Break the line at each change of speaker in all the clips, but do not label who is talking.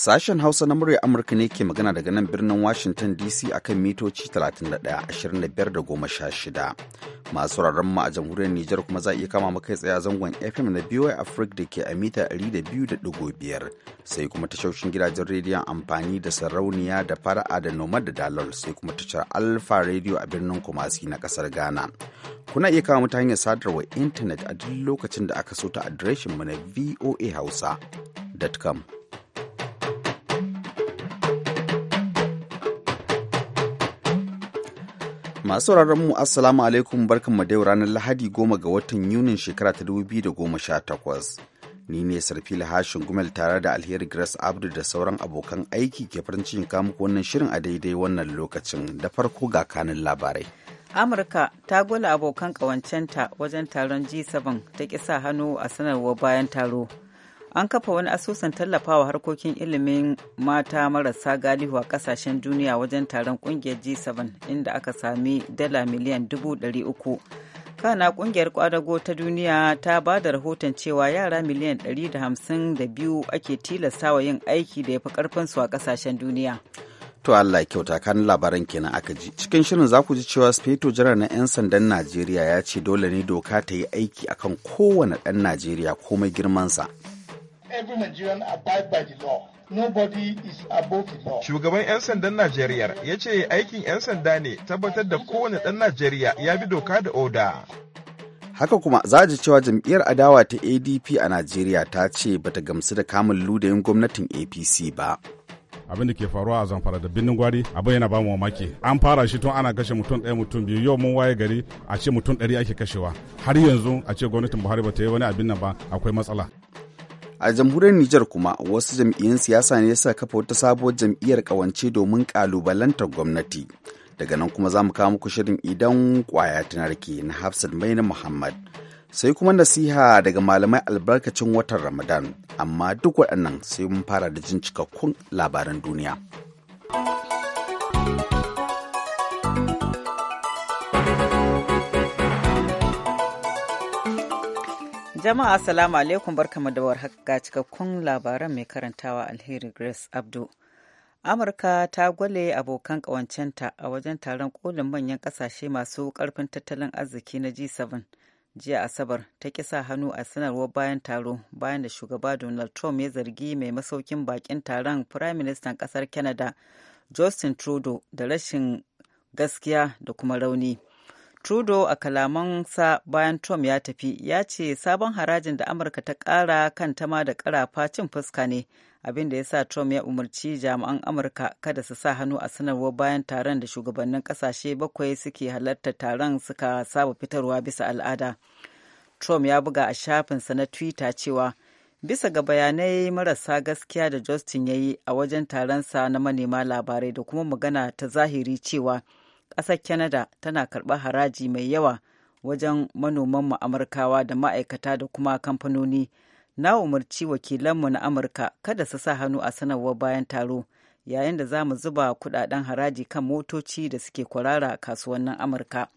Sashen Hausa na murya Amurka ne ke magana daga nan birnin Washington DC a kan mitoci 31 25 shida Masu rarren mu a jamhuriyar Nijar kuma za a iya kama makai tsaye zangon FM na a Africa da ke a mita 200.5 sai kuma tashoshin gidajen rediyon amfani da sarauniya da fara'a da nomad da dalol sai kuma tashar Alfa Radio a birnin Kumasi na kasar Ghana. Kuna iya kama ta hanyar sadarwa intanet a duk lokacin da aka so ta adireshin mu na voahausa.com. Masu sauraron mu Assalamu alaikum barkan da yau ranar Lahadi goma ga watan Yunin shekara ta dubu biyu da goma sha takwas Ni ne Sarfi Lahashin Gumel tare da Alheri Grace Abdu da sauran abokan aiki ke farin cikin kamuku wannan shirin a daidai wannan lokacin da farko ga kanin labarai.
Amurka ta gwala abokan ƙawancenta wajen taron G7 ta ƙi sa hannu a sanarwar bayan taro. an kafa wani asusun tallafawa harkokin ilimin mata marasa galihu a kasashen duniya wajen taron kungiyar g7 inda aka sami dala miliyan 300 kana kungiyar kwadago ta duniya ta ba da rahoton cewa yara miliyan 152 ake tilastawa yin aiki da ya fi karfinsu a kasashen duniya
to Allah kyauta kan labaran kenan aka ji cikin shirin za ku ji cewa sufeto jiran na 'yan sandan najeriya ya ce dole ne doka ta yi aiki akan kowane ɗan najeriya komai girmansa
Shugaban 'yan sandan Najeriya ya ce aikin 'yan sanda ne tabbatar da kowane ɗan Najeriya ya bi doka da oda.
Haka kuma za ji cewa jam'iyyar adawa ta ADP a Najeriya ta ce bata gamsu da kamun ludayin gwamnatin APC ba.
abin da ke faruwa a zamfara da birnin gwari abin yana ba bamu mamaki an fara shi tun ana kashe mutum ɗaya mutum biyu yau mun waye gari a ce mutum ɗari ake kashewa har yanzu a ce gwamnatin buhari ba ta yi wani abin nan ba akwai matsala
a jamhuriyar Nijar kuma wasu jam'iyyun siyasa ne suka kafa wata sabuwar jam'iyyar kawance domin kalubalantar gwamnati daga nan kuma za mu kawo muku shirin idan kwaya ta narke na hafsat maina muhammad sai kuma nasiha daga malamai albarkacin watan ramadan amma duk waɗannan sai mun fara da jin cikakkun labaran duniya.
Jama'a salamu alaikum barkamu da warhaka cikakkun labaran mai karantawa alheri Grace Abdu. Amurka ta gwale abokan ƙawancenta a wajen taron kolin manyan ƙasashe masu ƙarfin tattalin arziki na G7 jiya Asabar ta kisa hannu a sanarwar bayan taro bayan da shugaba Donald Trump ya zargi mai masaukin bakin taron Prime Minister kasar Canada Justin Trudeau da rashin gaskiya da kuma rauni. Trudeau a kalamansa bayan Trump ya tafi ya ce sabon harajin da Amurka ta ƙara kan tama da ƙarafa cin fuska ne abinda ya sa Trump ya umarci jami'an Amurka kada su sa hannu a sanarwar bayan taron da shugabannin ƙasashe bakwai suke halarta taron suka saba fitarwa bisa al'ada. Trump ya buga a shafinsa na Twitter cewa bisa ga bayanai marasa gaskiya da Justin ya yi a wajen taronsa na manema labarai da kuma magana ta zahiri cewa ƙasar canada tana karɓar haraji mai yawa wajen manoman manomanmu amurkawa da ma'aikata da kuma kamfanoni na umarci wakilanmu na amurka kada su sa hannu a sanarwar bayan taro yayin da za mu zuba kudaden haraji kan motoci da suke kwarara kasuwannin amurka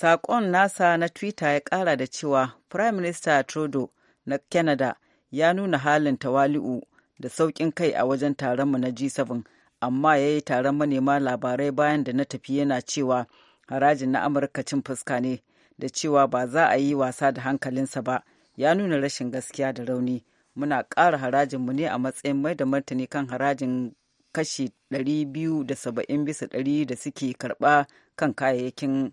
saƙon nasa na twitter ya ƙara da cewa prime minister trudeau na canada ya nuna halin tawali'u da sauƙin kai a wajen taronmu na g7 amma ya yi taron manema labarai bayan da na tafi yana cewa harajin na amurka cin fuska ne da cewa ba za a yi wasa da hankalinsa ba ya nuna rashin gaskiya da rauni muna ƙara harajin mu ne a matsayin mai da martani kan harajin kashi 270 bisa 100 da suke karba kan kayayyakin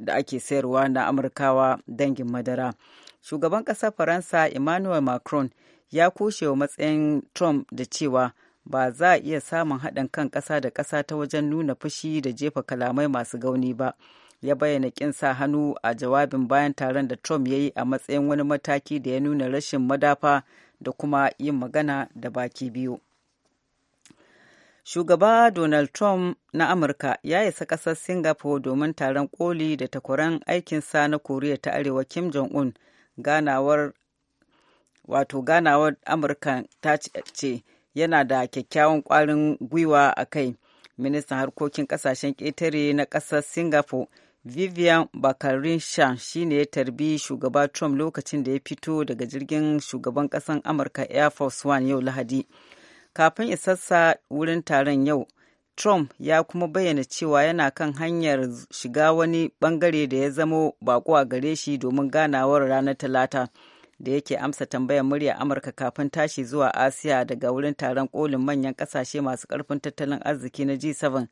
da ake sayarwa na amurkawa dangin madara shugaban ƙasar faransa emmanuel macron ya kushe wa matsayin trump da cewa ba za a iya samun haɗin kan ƙasa da ƙasa ta wajen nuna fushi da jefa kalamai masu gauni ba ya bayyana ƙin sa hannu a jawabin bayan taron da trump ya yi a matsayin wani mataki da ya nuna rashin madafa da kuma yin magana da baki biyu shugaba donald trump na amurka ya isa ƙasar singapore domin taron koli da takwaran sa na koriya ta arewa kim jong-un wato ganawar amurka ta ce yana da kyakkyawan ƙwarin gwiwa a kai ministan harkokin kasashen ƙetare na ƙasar singapore vivian bakarisha shine ya tarbi shugaba trump lokacin da ya fito daga jirgin shugaban ƙasar amurka air force one yau lahadi kafin isassa wurin taron yau Trump ya kuma bayyana cewa yana kan hanyar shiga wani bangare da ya zamo bako a gare shi domin ganawar ranar Talata. da yake amsa tambayar murya amurka kafin tashi zuwa asiya daga wurin taron kolin manyan kasashe masu karfin tattalin arziki na g7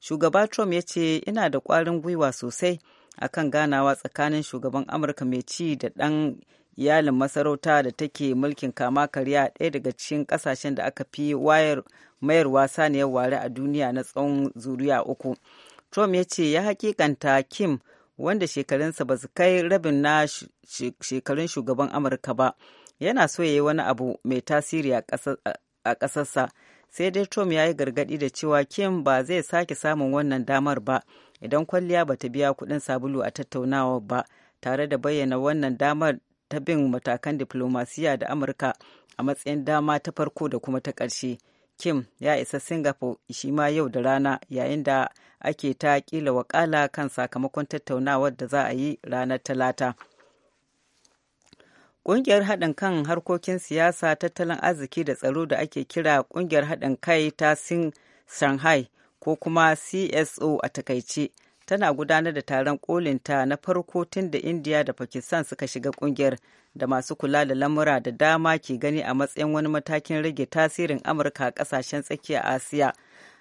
shugaba trump ya ce ina da kwarin gwiwa sosai a kan ganawa tsakanin shugaban amurka mai ci da ɗan iyalin masarauta da take mulkin kama karya ɗaya daga cikin ƙasashen da aka fi wayar mayarwa saniyar ware a duniya na tsawon zuriya uku trump ya ce ya hakikanta kim wanda shekarunsa ba su kai rabin na shekarun shugaban amurka ba yana so ya yi wani abu mai tasiri a ƙasarsa sai dai trump ya yi gargaɗi da cewa kim ba zai sake samun wannan damar ba idan kwalliya ba ta biya kuɗin sabulu a tattaunawa ba tare da bayyana wannan damar ta bin matakan diflomasiya da amurka a matsayin dama ta farko da kuma ta ƙarshe Kim ya isa Singapore shi ma yau da rana yayin da ake ta kila wakala kan sakamakon tattaunawar da za a yi ranar Talata. Ƙungiyar haɗin kan harkokin siyasa, tattalin arziki da tsaro da ake kira ƙungiyar haɗin kai ta Sin Shanghai ko kuma CSO a takaice. tana gudanar da taron kolinta na farko tun da indiya da pakistan suka shiga ƙungiyar. da masu kula da lamura da dama ke gani a matsayin wani matakin rage tasirin amurka a kasashen tsakiyar asiya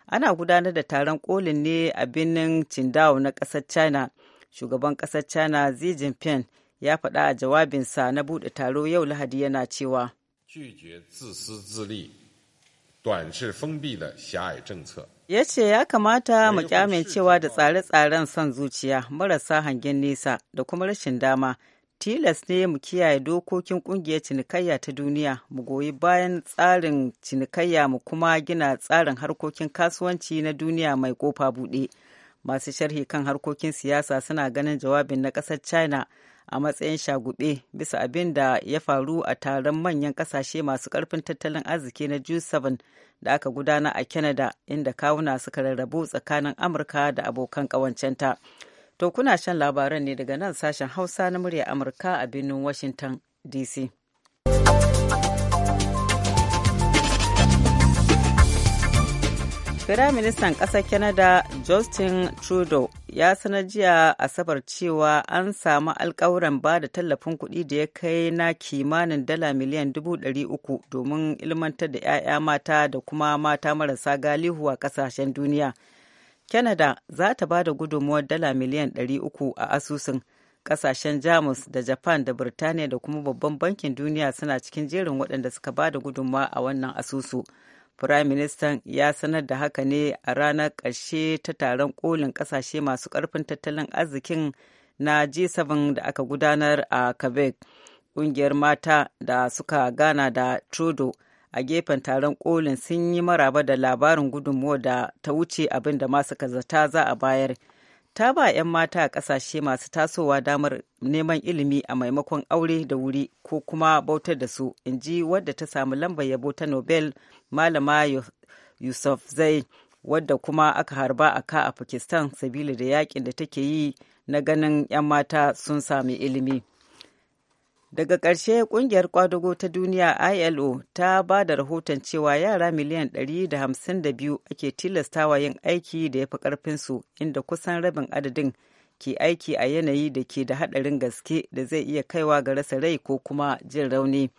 ana gudanar da taron kolin ne a birnin qingdao na ƙasar china shugaban ƙasar china xi jinping ya faɗa a jawabinsa na buɗe taro yau lahadi yana cewa ya ce ya kamata mu cewa da tsare-tsaren son zuciya marasa hangen nesa da kuma rashin dama tilas ne mu kiyaye dokokin kungiyar cinikayya ta duniya mu goyi bayan tsarin cinikayya mu kuma gina tsarin harkokin kasuwanci na duniya mai kofa buɗe masu sharhi kan harkokin siyasa suna ganin jawabin na ƙasar china a matsayin shaguɓe bisa abin da ya faru a taron manyan ƙasashe masu ƙarfin tattalin arziki na g7 da aka gudana a canada inda kawuna suka rarrabu tsakanin amurka da abokan ƙawancenta. To kuna shan labaran ne daga nan sashen Hausa na murya Amurka a birnin Washington DC. Firaministan ƙasar Canada Justin Trudeau ya sanar jiya Asabar cewa an samu alkawuran ba da tallafin kuɗi da ya kai na kimanin dala miliyan dubu ɗari uku domin ilmantar da 'ya'ya mata da kuma mata marasa galihu a ƙasashen duniya. Canada za ta ba da gudunmuwar dala miliyan 300 a asusun kasashen Jamus da Japan da Birtaniya da kuma babban bankin duniya suna cikin jerin waɗanda suka ba da gudunmuwa a wannan asusu. Firaministan ya sanar da haka ne a ranar ƙarshe ta taron kolin ƙasashe masu ƙarfin tattalin arzikin na G7 da aka gudanar a Quebec. Ƙungiyar mata da suka gana da Trudeau a gefen taron kolin sun yi maraba da labarin gudunmuwa da ta wuce abin da masu kazata za a bayar ta ba 'yan mata a ƙasashe masu tasowa damar neman ilimi a maimakon aure da wuri ko kuma bautar da su in ji wadda ta samu lambar yabo ta nobel malama yusuf zai wadda kuma aka harba a ka a pakistan sabili da yakin da take yi na ganin 'yan mata sun sami ilimi. Daga ƙarshe ƙungiyar ƙwadago ta duniya ILO ta ba da rahoton cewa yara miliyan 152 ake tilastawa yin aiki da ya fi ƙarfinsu inda kusan rabin adadin ke aiki a yanayi da ke da haɗarin gaske da zai iya kaiwa ga rasa rai ko kuma jin rauni.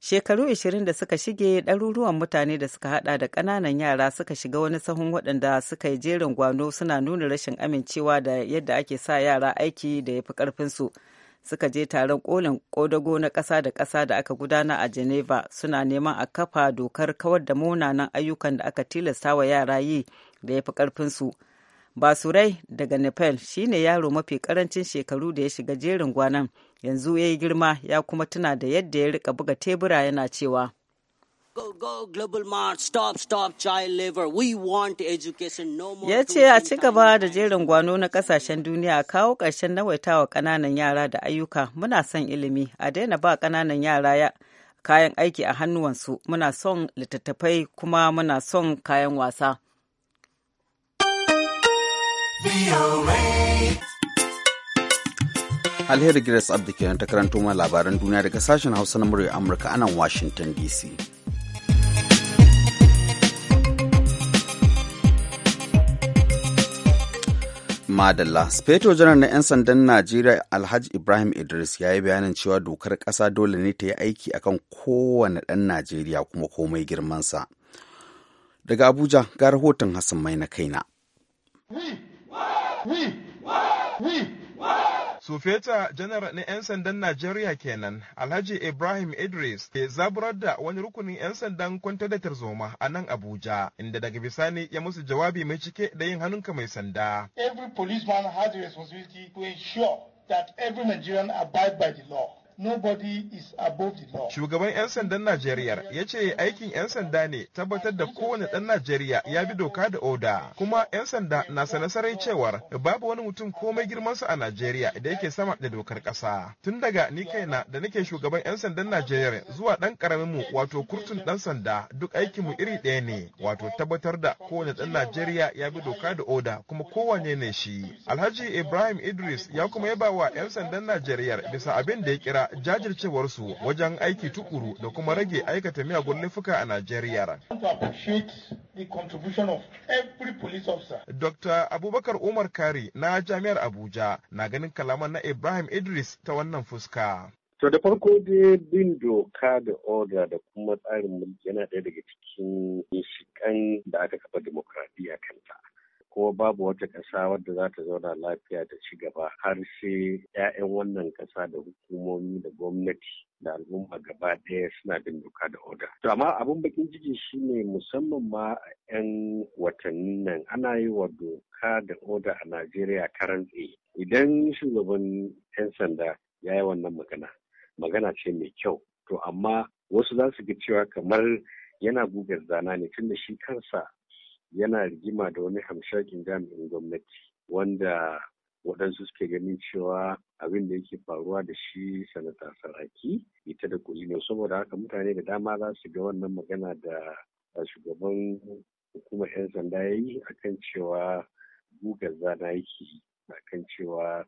Shekaru 20 da suka shige ɗaruruwan mutane da suka haɗa da ƙananan yara suka shiga wani sahun waɗanda suka yi jerin gwano suna nuna rashin amincewa da yadda ake sa yara aiki da ya fi ƙarfinsu. su. suka je taron kolin kodago na ƙasa da ƙasa da aka gudana a geneva suna neman a kafa dokar kawar da munanan ayyukan da aka tilasta wa yara yi da ya fi ƙarfinsu basurai daga nepal shine yaro mafi ƙarancin shekaru da ya shiga jerin gwanan yanzu ya yi girma ya kuma tuna da yadda ya rika buga tebura yana cewa Ya ce a ci gaba da jerin gwano na kasashen duniya kawo ƙarshen nawaitawa kananan yara da ayyuka muna son ilimi a daina ba ƙananan yara kayan aiki a hannuwansu muna son littattafai kuma muna son kayan wasa.
Alheri Grace Abdi kenan ta karanto ma labaran duniya daga sashen Hausa na murya Amurka anan Washington DC. Madalla, Speto janar na 'yan sandan Najeriya Alhaji Ibrahim Idris ya yi bayanin cewa dokar ƙasa dole ne ta yi aiki akan kowane ɗan Najeriya kuma komai girmansa. Daga Abuja ga rahoton Hassan Mai na kaina.
Sufeta janar na 'yan sandan Najeriya kenan, Alhaji Ibrahim Idris ke zaburar da wani rukunin 'yan sandan kwanta da tarzoma a nan Abuja, inda daga bisani ya musu jawabi mai cike da yin hannunka mai sanda. Every policeman has a responsibility to ensure that every Nigerian abide by the law. Shugaban 'yan sandan Najeriya ya ce aikin 'yan sanda ne tabbatar da kowane ɗan Najeriya ya bi doka da oda. Kuma 'yan sanda na sanasarai cewar babu wani mutum komai girmansa a Najeriya da yake sama da dokar ƙasa. Tun daga ni kaina da nake shugaban 'yan sandan Najeriya zuwa ɗan ƙaramin mu wato kurtun ɗan sanda duk aikinmu iri ɗaya ne wato tabbatar da kowane ɗan Najeriya ya bi doka da oda kuma kowane ne shi. Alhaji Ibrahim Idris ya kuma yaba wa 'yan sandan Najeriya bisa abin da ya kira jajircewar jajircewarsu wajen aiki tukuru da kuma rage aikata miyagun laifuka a Najeriya. Dr. Abubakar Umar Kari na Jami'ar Abuja na ganin kalaman na Ibrahim Idris ta wannan fuska.
To da farko dai bin doka da oda da kuma tsarin mulki yana ɗaya daga cikin shikan da aka kafa demokradiyya kanta. ko babu wata ƙasa wadda za ta zauna lafiya da ci gaba har sai 'ya'yan wannan ƙasa da hukumomi da gwamnati da al'umma gaba ɗaya suna bin doka da oda. To amma abin bakin ciki shine musamman ma 'yan watannin nan ana yi wa doka da oda a Najeriya karan tsaye. Idan shugaban 'yan sanda ya yi wannan magana, magana ce mai kyau. To amma wasu za su ga cewa kamar yana gugar zana ne tunda shi kansa yana rigima da wani hamshakin jami'in gwamnati wanda waɗansu suke ganin cewa abin da yake faruwa da shi sanata saraki ita da ne saboda haka mutane da dama za su ga wannan magana da shugaban hukumar 'yan sanda ya yi a kan cewa gugar zana yake yi kan cewa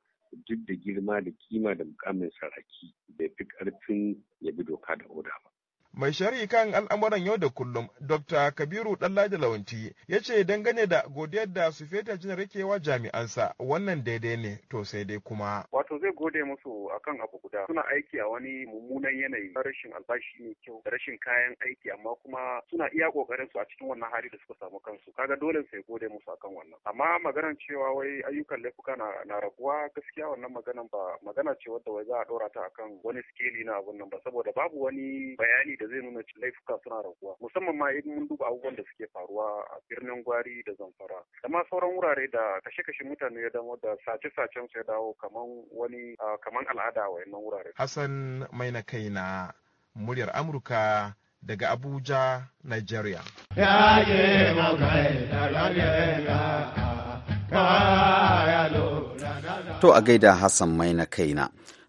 duk da girma da kima da mukamin saraki bai fi karfin ya bi doka da oda ba
Mai shari'i kan al'amuran yau da kullum, Dr. Kabiru Ɗanladi Lawanti, ya ce dangane da godiyar da su feta jinar yake jami'ansa wannan daidai ne to sai dai kuma.
Wato zai gode musu akan abu guda suna aiki a wani mummunan yanayi rashin albashi mai kyau da rashin kayan aiki amma kuma suna iya kokarin su a cikin wannan hali da suka samu kansu kaga dole sai gode musu akan wannan amma maganar cewa wai ayyukan laifuka na, na raguwa gaskiya wannan maganan ba magana ce wadda wai za a ɗora ta akan wani skeli na abun nan ba saboda babu wani bayani da da zai nuna laifuka suna raguwa musamman ma idan mun duba abubuwan da suke faruwa a birnin gwari da zamfara da ma sauran wurare da kashe-kashe mutane ya dawo da sace-sacen su ya dawo kaman wani kaman al'ada a wayannan wurare. Hassan
mai na kai na muryar Amurka daga Abuja, Nigeria.
To a gaida Hassan mai na kaina.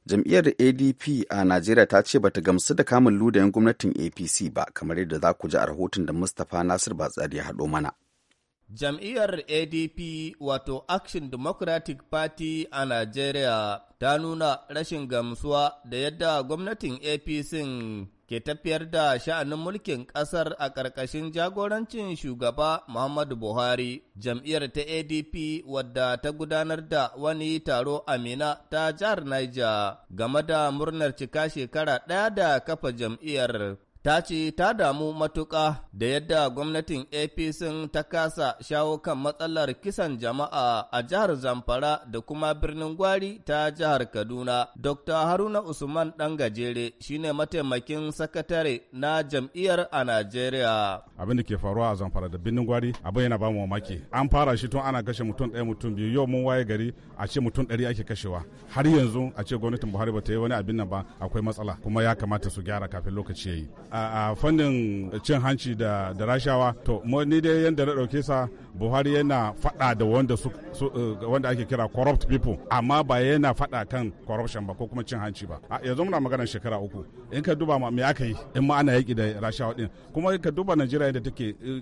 jam'iyyar adp a najeriya ta ce bata gamsu da kamun ludayen gwamnatin apc ba kamar yadda za ku ji a rahoton da mustapha nasir batsari ya haɗo mana
jam'iyyar adp wato action democratic party a najeriya ta nuna rashin gamsuwa da yadda gwamnatin apc ke tafiyar da sha'anin mulkin ƙasar a ƙarƙashin jagorancin shugaba Muhammadu Buhari. Jam'iyyar ta ADP wadda ta gudanar da wani taro Amina ta jihar Niger game da murnar cika shekara ɗaya da kafa jam'iyyar ta ce ta damu matuƙa da yadda gwamnatin APC ta kasa shawo kan matsalar kisan jama'a a jihar Zamfara da kuma birnin Gwari ta jihar Kaduna. Dr. Haruna Usman ɗan gajere shine mataimakin sakatare na jam'iyyar a Najeriya.
Abin da ke faruwa a Zamfara da birnin Gwari abin yana ba mu mamaki. An fara shi tun ana kashe mutum ɗaya mutum biyu yau mun waye gari a ce mutum ɗari ake kashewa. Har yanzu a ce gwamnatin Buhari ba ta yi wani abin nan ba akwai matsala kuma ya kamata su gyara kafin lokaci ya yi. a fannin cin hanci da rashawa to ni dai yadda na dauke sa buhari yana fada da wanda su, eh, wanda ake kira corrupt people amma ba yana fada kan corruption ba ko kuma cin hanci ba yanzu muna magana shekara uku in ka duba ma me aka yi in ma ana yaki da rashawa din kuma in ka duba najeriya da take eh,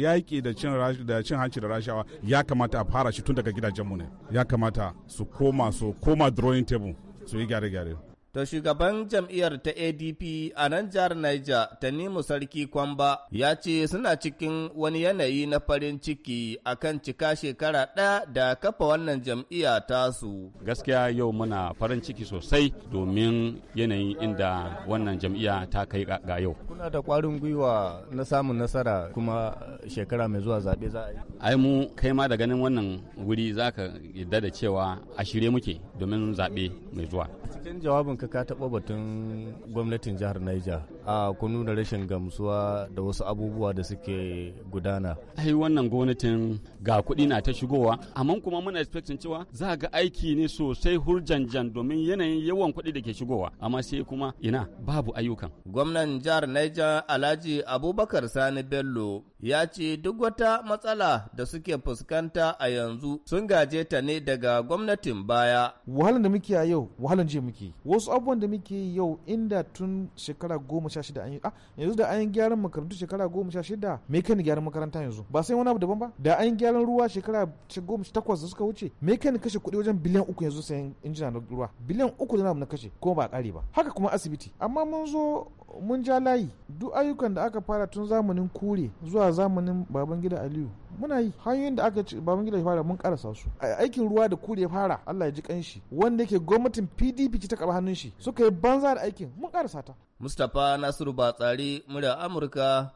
yaki da cin da cin hanci da rashawa ya kamata a fara shi tun daga gidajen mu ne ya kamata su koma su koma drawing table su yi gyare-gyare
ta shugaban jam'iyyar ta ADP a nan jihar Niger, Tanimu Sarki Kwamba, ya ce suna cikin wani yanayi na farin ciki akan cika shekara ɗaya da kafa wannan jam'iyya tasu. Gaskiya yau muna farin ciki sosai domin yanayin inda wannan jam'iyya ta kai ga yau. Kuna da ƙwarin gwiwa na samun nasara kuma shekara mai zuwa zaɓe za a yi. Ai mu kai ma da ganin wannan wuri za ka yadda da cewa a shirye muke domin zaɓe mai zuwa. Cikin jawabin ka ka taɓa batun gwamnatin jihar Niger a ku nuna rashin gamsuwa da wasu abubuwa da suke gudana. Ai wannan gwamnatin ga kuɗi na ta shigowa amma kuma muna expecting cewa za ga aiki ne sosai hurjanjan domin yanayin yawan kuɗi da ke shigowa amma sai kuma ina babu ayyukan. Gwamnan jihar Niger Alhaji Abubakar Sani Bello ya ce duk wata matsala da suke fuskanta a yanzu sun gaje ta ne daga gwamnatin baya.
Wahalar da muke a yau wahalar je muke. Wasu abubuwan da muke yi yau inda tun shekara goma sha shida an yi ah, yanzu da an yi gyaran makarantu shekara goma sha shida me kani gyaran makaranta yanzu ba sai wani abu daban ba da an yi gyaran ruwa shekara goma sha takwas da suka wuce me kani kashe kuɗi wajen biliyan uku yanzu sayan injina na ruwa biliyan uku da na kashe kuma ba a ba haka kuma asibiti amma mun zo mun ja layi duk ayyukan da aka fara tun zamanin kure zuwa zamanin babangida aliyu muna yi hanyoyin da aka ci babangida ya fara mun karasa su aikin ruwa da kure ya fara allah ya ji kanshi wanda yake gwamnatin pdp ta karɓi hannun shi suka yi banza da aikin mun karasa ta
mustapha nasiru batsari murya amurka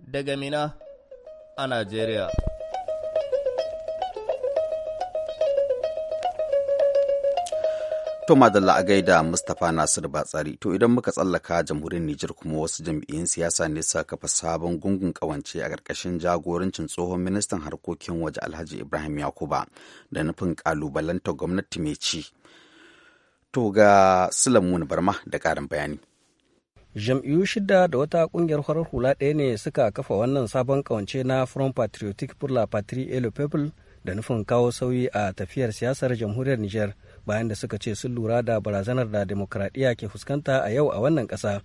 daga mina a najeriya
To madalla a gaida Mustapha Nasir Batsari. To idan muka tsallaka jamhuriyar Nijar kuma wasu jam'iyyun siyasa ne suka kafa sabon gungun kawance a ƙarƙashin jagorancin tsohon ministan harkokin waje Alhaji Ibrahim Yakuba da nufin kalubalantar gwamnati mai ci. To ga na Barma da ƙarin bayani.
jam'iyyu shida da wata kungiyar farar hula ɗaya ne suka kafa wannan sabon kawance na front patriotic pour la patrie et le peuple da nufin kawo sauyi a tafiyar siyasar jamhuriyar nijar. bayan da suka ce sun lura da barazanar da demokradiyya ke fuskanta a yau a wannan kasa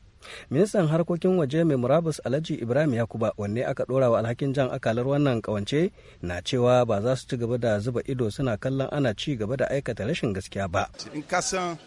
Ministan harkokin waje mai murabus Alhaji Ibrahim Yakuba wanne aka dora wa alhakin jan akalar wannan kawance na cewa ba za su ci gaba da zuba ido suna kallon ana ci gaba da aikata rashin gaskiya ba.
In ka san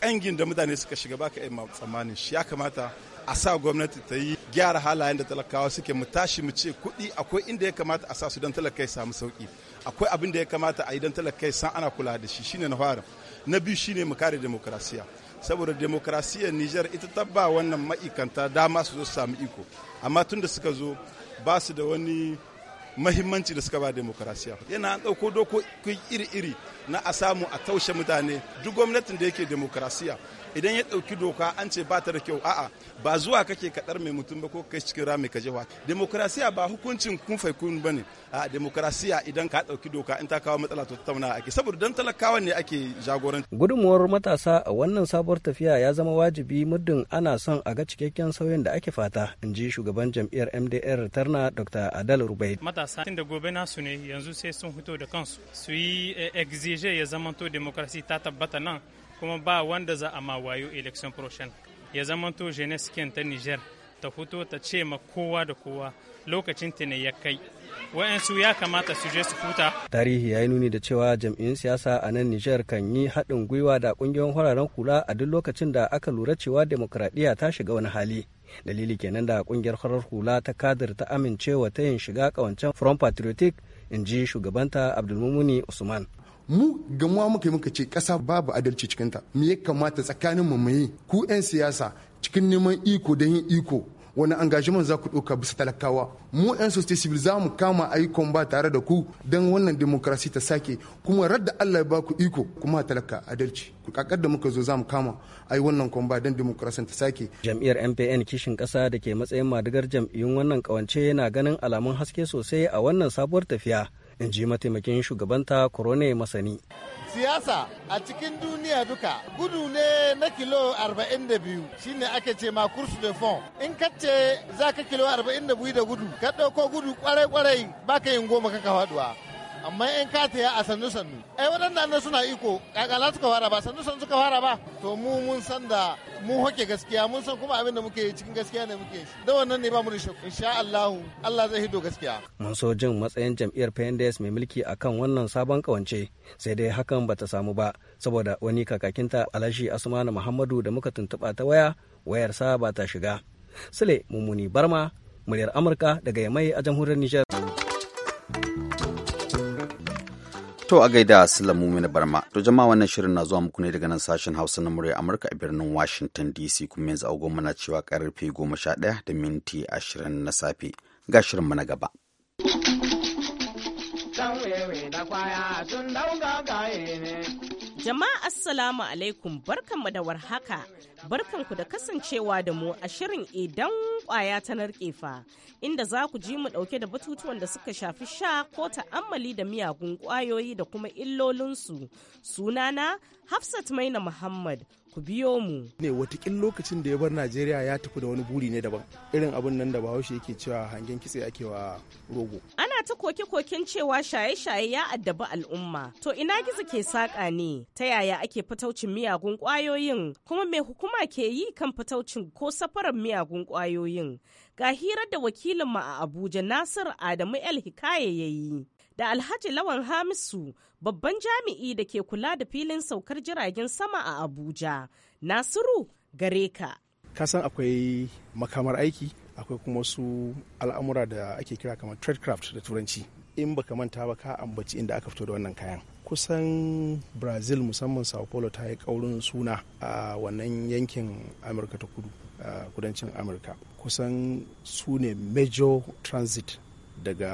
kangin eh, da mutane suka shiga baka yi tsammanin shi ya kamata a sa gwamnati ta yi gyara halayen da talakawa suke mu tashi mu ce kuɗi akwai inda ya kamata a sa su don talaka samu sauki. akwai abin da ya kamata a idan talakai san ana kula da shi shine na fara na biyu shine mu kare demokrasiya saboda demokrasiyar Niger ita tabba wannan ma'ikanta dama su zo su samu iko amma tun da suka zo ba su da wani mahimmanci da suka ba demokrasiya yana an ɗauko dokoki iri-iri na a samu a taushe mutane duk gwamnatin da yake demokrasiya idan ya ɗauki doka an ce ba ta da kyau a'a ba zuwa kake kaɗar mai mutum ba ko kai cikin rami ka jewa demokrasiya ba hukuncin kun fai kun bane a demokrasiya idan ka ɗauki doka in ta kawo matsala to tauna ake saboda dan talakawa ne ake jagoranci
gudunmuwar matasa a wannan sabuwar tafiya ya zama wajibi muddin ana son a ga cikakken sauyin da ake fata in ji shugaban jam'iyyar MDR Tarna Dr. Adal Rubai
matasa tun da gobe nasu ne yanzu sai sun fito da kansu su yi eh, exit Niger ya zamanto demokrasi ta tabbata nan kuma ba wanda za a ma wayo election prochain ya zamanto jeunesse ta Niger ta fito ta ce ma kowa da kowa lokacin ta ne ya kai wa'yansu ya kamata su je su futa
Tarihi ya yi nuni da cewa jam'iyyun siyasa a nan niger kan yi haɗin gwiwa da kungiyoyin hararen hula a duk lokacin da aka lura cewa demokradiyya ta shiga wani hali. Dalili kenan da ƙungiyar farar hula ta kadar ta amincewa ta yin shiga kawancen Front Patriotic in ji shugabanta Abdulmumuni Usman. mu ga mu muka yi muka ce kasa babu adalci cikinta me ya kamata tsakanin mu muyi ku 'yan siyasa cikin
neman iko da yin iko wani engagement za ku ɗauka bisa talakawa mu 'yan society civil za mu kama ayyukan ba tare da ku don wannan demokrasi ta sake kuma radda Allah ya ba ku iko
kuma talaka adalci ku kakar da muka zo za mu kama ai wannan kwamba don demokarasi ta sake jam'iyyar MPN kishin ƙasa da ke matsayin madigar jam'iyyun wannan kawance yana ganin alamun haske sosai a wannan sabuwar tafiya in ji mataimakin shugabanta korone masani
siyasa
a cikin duniya duka gudu ne na kilo 42 shine ake ce ma course de fond in kace ce za ka kilo 42 da gudu ka ɗauko gudu kwarai-kwarai baka yin goma kaka faduwa amma in ka taya a sannu sannu ai waɗannan nan suna iko
kakala suka fara ba sannu sannu suka fara ba to mu mun san da mu hoke gaskiya mun san kuma
abin da muke cikin gaskiya ne muke shi da wannan ne ba mu da shakku insha Allah Allah zai hido gaskiya
mun so jin matsayin jam'iyyar PNDS mai mulki akan wannan sabon kawance sai dai hakan bata samu ba saboda wani kakakinta Alhaji Asmanu Muhammadu da muka tuntuba ta waya wayar sa ba ta shiga Sule Mummuni Barma muryar Amurka daga Yamai a jamhuriyar Nijar
To a gaida Sulamu Mina Barma. To jama'a wannan shirin na zuwa muku ne daga nan sashen Hausa na murya Amurka a birnin Washington DC kuma yanzu agogon mana cewa karfe goma sha ɗaya da minti ashirin na safe. Ga shirin na gaba.
Sun Jama'a Assalamu alaikum barkanmu da warhaka, barkanku da kasancewa da mu a shirin idan kwaya ta narkefa inda za ku ji mu dauke da batutuwan da suka shafi sha ko ta'ammali da miyagun kwayoyi da kuma illolinsu. Sunana Hafsat Maina Muhammad ku biyo mu.
Ne watakin lokacin da ya bar Najeriya ya tafi da wani buri ne daban irin abin nan da Bahaushe yake cewa hangen kitse ake wa rogo.
Ana ta koke-koken cewa shaye-shaye ya addabi al'umma. To ina gizo ke saƙa ne ta yaya ake fitaucin miyagun ƙwayoyin kuma me hukuma ke yi kan fitaucin ko safarar miyagun ƙwayoyin. Ga hirar da wakilinmu a Abuja Nasir Adamu El Hikaye ya yi. da Alhaji Lawan Hamisu babban jami'i da ke kula da filin saukar jiragen sama a Abuja. Nasiru gare ka.
Kasan akwai makamar aiki akwai kuma su al'amura da ake kira kamar tradecraft da turanci in baka manta ba ka ambaci inda aka fito da wannan kayan kusan brazil musamman sao paulo ta yi kaurin suna a wannan yankin amurka ta kudu a kudancin amurka kusan su ne major transit daga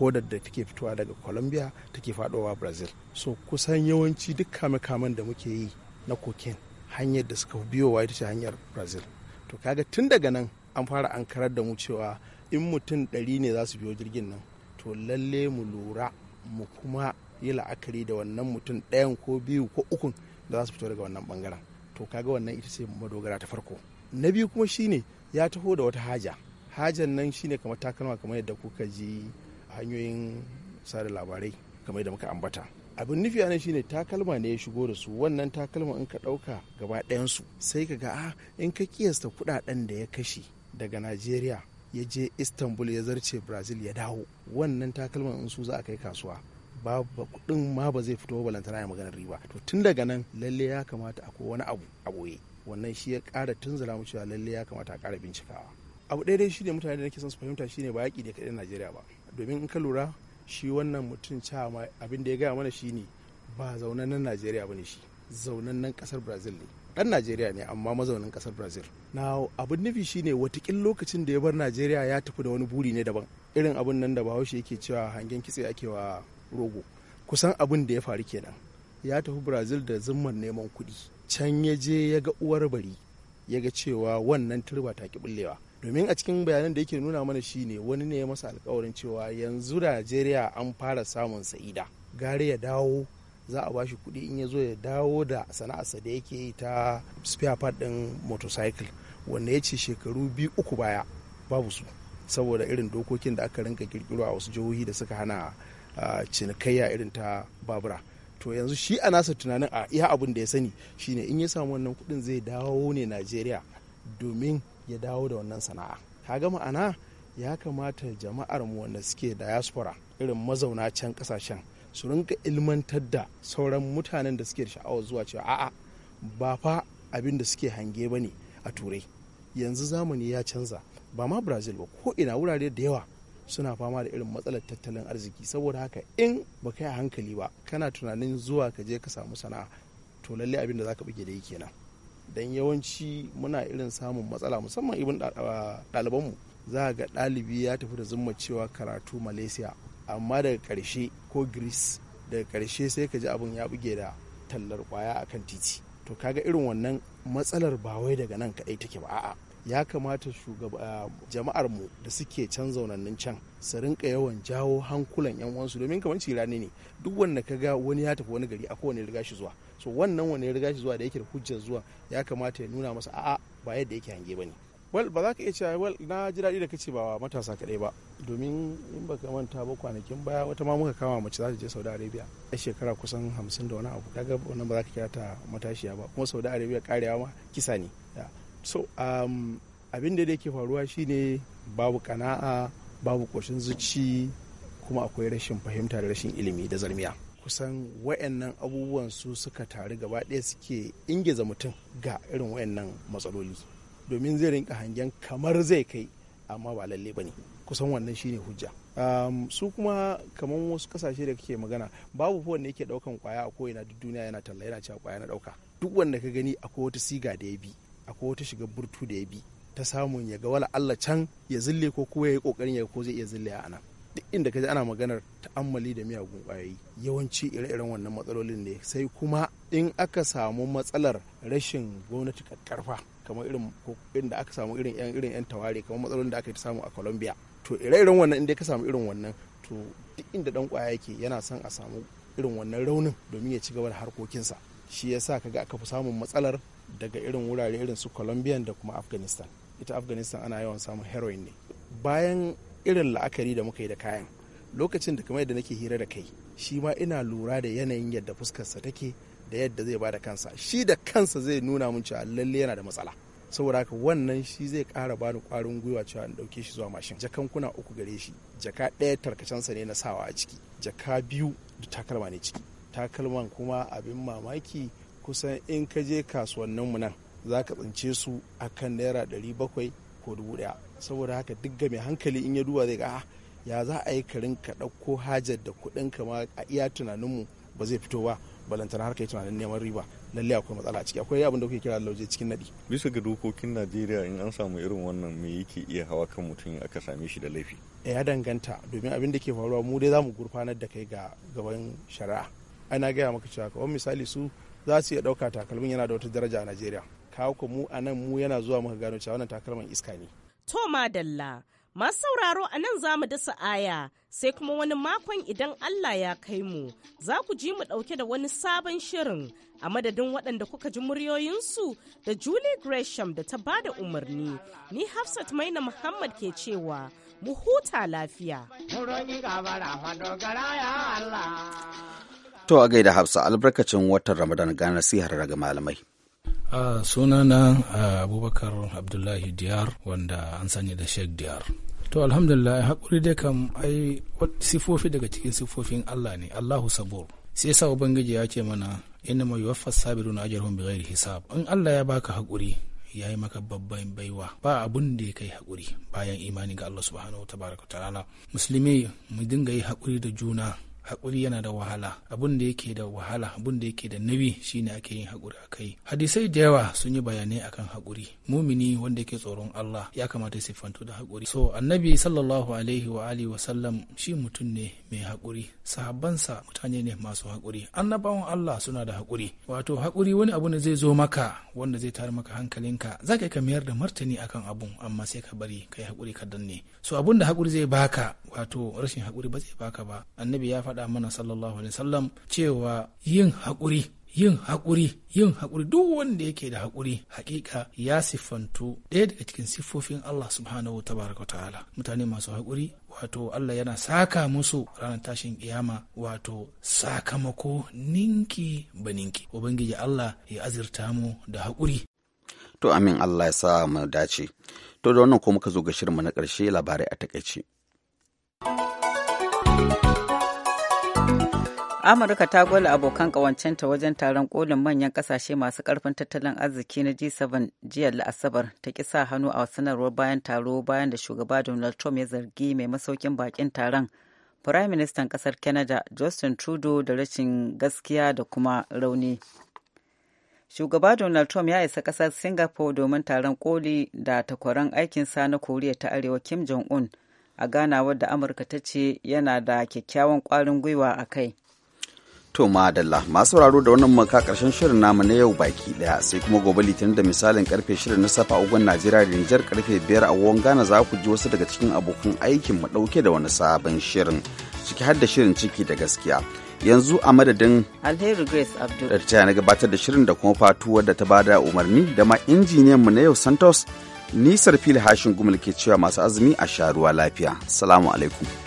hodar da take fitowa daga colombia take fadowa brazil so kusan yawanci duk kame-kamen da muke yi na cocaine hanyar da suka biyo wa ita ce hanyar brazil to kaga tun daga nan an fara ankarar da mu cewa in mutum ɗari ne za su biyo jirgin nan to lalle mu lura mu kuma yi la'akari da wannan mutum ɗayan ko biyu ko ukun da za su fito daga wannan bangaren to kaga wannan ita ce madogara ta farko na biyu kuma shine ya taho da wata haja hajan nan shine kamar takalma kamar yadda kuka ji hanyoyin sada labarai kamar da muka ambata abin nufi a shine takalma ne ya shigo da su wannan takalma in ka ɗauka gaba ɗayansu sai ka ga a ah, in ka kiyasta kuɗaɗen da ya kashe daga najeriya ya je istanbul ya zarce brazil ya dawo wannan takalman in su za a kai kasuwa babu kuɗin ma ba zai fito lantana ya maganar riba to tun daga nan lalle ya kamata akwai wani abu a ɓoye wannan shi ya ƙara tunzura mu cewa lalle ya kamata a ƙara bincikawa abu ɗaya dai shi ne mutane da nake son su fahimta shine ba yaƙi da kaɗai najeriya ba domin in ka lura shi wannan mutum cewa abin da ya gaya mana shine ba zaunannen najeriya bane shi zaunannen kasar brazil ne dan najeriya ne amma mazaunin kasar brazil na abin nufi shine watakin lokacin da ya bar najeriya ya tafi da wani buri ne daban irin abin nan da bahaushe yake cewa hangen kitse ake wa rogo kusan abin da ya faru kenan ya tafi brazil da zimman neman kuɗi can ya je ya ga uwar bari ya ga cewa wannan turba ta ki bullewa domin a cikin bayanan da yake nuna mana shine wani ne ya masa alkawarin cewa yanzu najeriya an fara samun sa'ida gare ya dawo za a bashi kuɗi in ya zo ya dawo da sana'arsa da yake yi ta spare part ɗin motorcycle wanda ya ce shekaru biyu uku baya babu su saboda irin dokokin da aka rinka kirkiro a wasu jihohi da suka hana cinikayya irin ta babura to yanzu shi a nasa tunanin a iya abin da ya sani shine in ya samu wannan kuɗin zai dawo ne najeriya domin ya dawo da wannan sana'a ga ma'ana ya kamata jama'ar mu wanda suke diaspora irin mazauna can kasashen su rinka ilmantar da sauran mutanen da suke da sha'awar zuwa cewa a'a ba fa abin da suke hange ba ne a turai yanzu zamani ya canza ba ma brazil ba ko ina wurare da yawa suna fama da irin matsalar tattalin arziki saboda haka in ba kai a hankali ba kana tunanin zuwa ka je ka samu sana'a to lalle abin da zaka buge da yi kenan don yawanci muna irin samun matsala musamman ibin ɗalibanmu za ga ɗalibi ya tafi da zumma cewa karatu malaysia amma daga ƙarshe ko greece daga ƙarshe sai ka ji abin ya buge da tallar kwaya akan titi to kaga irin wannan matsalar ba wai daga nan kaɗai take ba a'a ya kamata ah, jama'ar mu da suke can zaunannin can su rinka yawan jawo hankulan yan uwansu domin kamar cirani ne duk wanda ka ga wani ya tafi wani gari a kowane riga shi zuwa so wannan wani riga shi zuwa da yake da hujjar zuwa ya kamata ya nuna masa a'a ba yadda yake hange bane wal ba za ka iya cewa wal na ji daɗi da ce ba matasa kaɗai ba domin in baka manta ba kwanakin baya wata ma muka kama mace za ta je saudi arabia a shekara kusan hamsin da wani abu daga wannan ba za ka kira ta matashiya ba kuma saudi arabia karewa ma kisa ne so um, abin da yake faruwa shine babu kana'a babu koshin zuci kuma akwai rashin fahimta da rashin ilimi da zarmiya kusan wayannan abubuwan su suka taru gaba ɗaya suke ingiza mutum ga irin wayannan matsaloli domin zai rinka hangen kamar zai kai amma ba lalle ba ne kusan wannan shine hujja um, su kuma kamar wasu kasashe da kake magana babu wanda yake daukan kwaya a ko'ina duk duniya yana talla yana cewa kwaya na dauka duk wanda ka gani akwai wata siga da ya bi akwai wata shiga burtu da ya bi ta samun ya ga wala Allah can ya zille ko kuwa ya yi kokarin ya ko zai iya zille a nan duk inda kaji ana maganar ta'ammali da miyagun ƙwayoyi yawanci ire-iren wannan matsalolin ne sai kuma in aka samu matsalar rashin gwamnati karfa kamar irin inda aka samu irin yan irin yan taware kamar matsalolin da aka samu a Colombia to ire-iren wannan inda ka samu irin wannan to duk inda dan kwaya yake yana son a samu irin wannan raunin domin ya ci gaba da harkokinsa shi yasa kaga aka fi samun matsalar daga irin wurare irin su colombia da kuma afghanistan ita afghanistan ana yawan samun heroin ne bayan irin la'akari da muka yi da kayan lokacin da kamar yadda nake hira da kai shi ma ina lura da yanayin yadda fuskarsa take da yadda zai bada kansa shi da kansa zai nuna mun cewa lalle yana da matsala saboda haka wannan shi zai kara bani kwarin gwiwa cewa in ɗauke shi zuwa mashin jakan kuna uku gare shi jaka ɗaya tarkacensa ne na sawa a ciki jaka biyu da takalma ne ciki takalman kuma abin mamaki kusan in ka je mu nan za ka tsince su a kan naira ɗari bakwai ko dubu ɗaya saboda haka duk ga mai hankali in ya duba zai ga ah, ya za a yi karin ka ɗauko hajar da kuɗin ka ma a iya tunaninmu ba zai fito ba balantana har kai tunanin neman riba lalle akwai matsala a ciki akwai abin da kuke kira lauje cikin nadi
bisa ga dokokin najeriya in an samu irin wannan mai yake iya hawa kan mutum aka same shi da laifi
eh, ya danganta domin abin da ke faruwa mu dai zamu gurfanar da kai ga gaban shari'a ana gaya maka cewa kawai misali su za su iya ɗauka takalmin yana da wata daraja a najeriya kawo ku mu a nan mu yana zuwa muka gano cewa wannan takalman iska ne
to Dalla, masu sauraro a nan za mu dasa aya sai kuma wani makon idan allah ya kai mu za ku ji mu ɗauke da wani sabon shirin a madadin waɗanda kuka ji muryoyinsu da julie gresham da ta ba da umarni ni hafsat maina muhammad ke cewa mu huta lafiya.
To a gaida Hafsa albarkacin watan Ramadan ga nasihar daga malamai.
Uh, sunana uh, Abubakar Abdullahi Diyar wanda an sani da Sheikh Diyar. To alhamdulillah haƙuri dai kam ai sifofi daga cikin sifofin Allah ne Allahu sabur. Sai sa Ubangiji ya ce mana inna mai yuwaffas sabiruna ajrahum bighairi hisab. In Allah ya baka haƙuri ya yi maka babban baiwa ba abun da ya kai haƙuri bayan imani ga Allah subhanahu wa ta'ala musulmi mu dinga yi haƙuri da juna haƙuri yana da wahala abin da yake da wahala abin da yake da nauyi shine ake yin hakuri a kai hadisai da yawa sun yi bayanai akan hakuri mumini wanda yake tsoron Allah ya kamata ya siffanto da hakuri so annabi sallallahu alaihi wa alihi wa sallam shi mutum ne mai haƙuri sahabbansa mutane ne masu haƙuri annabawan Allah suna da hakuri wato haƙuri wani abu ne zai zo maka wanda zai tar maka hankalinka zaka ka ka mayar da martani akan abun amma sai ka bari kai yi haƙuri ka danne so abun da haƙuri zai baka wato rashin hakuri ba zai baka ba annabi ya faɗa mana sallallahu alaihi wasallam cewa yin haƙuri yin haƙuri yin haƙuri duk wanda yake da haƙuri haƙiƙa ya siffantu ɗaya daga cikin siffofin Allah subhanahu wa tabaraka ta'ala mutane masu haƙuri wato Allah yana saka musu ranar tashin kiyama wato sakamako ninki ba ninki ubangiji Allah ya azirta mu da haƙuri
to amin Allah ya sa mu dace to da wannan ko muka zo ga mu na ƙarshe labarai a takaice
amurka ta gwala abokan kawancinta wajen taron kolin manyan kasashe masu karfin tattalin arziki na g7 jiya la'asabar ta ki sa hannu a sanarwar bayan taro bayan da shugaba donald trump ya zargi mai masaukin bakin taron prime minister kasar canada justin trudeau da rashin gaskiya da kuma rauni shugaba donald trump ya isa kasar singapore domin taron koli da takwaran sa na koriya ta arewa kim jong-un a ganawar da amurka ta ce yana da kyakkyawan kwarin gwiwa a kai
To madalla masu sauraro da wannan maka karshen shirin namu na yau baki daya sai kuma gobe litinin da misalin karfe shirin na safa a ugun Najeriya da Nijar karfe biyar a wawan gana za ku ji wasu daga cikin abokan aikin mu dauke da wani sabon shirin ciki har da shirin ciki da gaskiya. Yanzu a madadin
Alheri Grace Abdul da
ta na gabatar da shirin da kuma fatuwar da ta bada umarni da ma injiniyan mu na yau Santos nisar fili hashin Gumul ke cewa masu azumi a sharuwa lafiya. Salamu alaikum.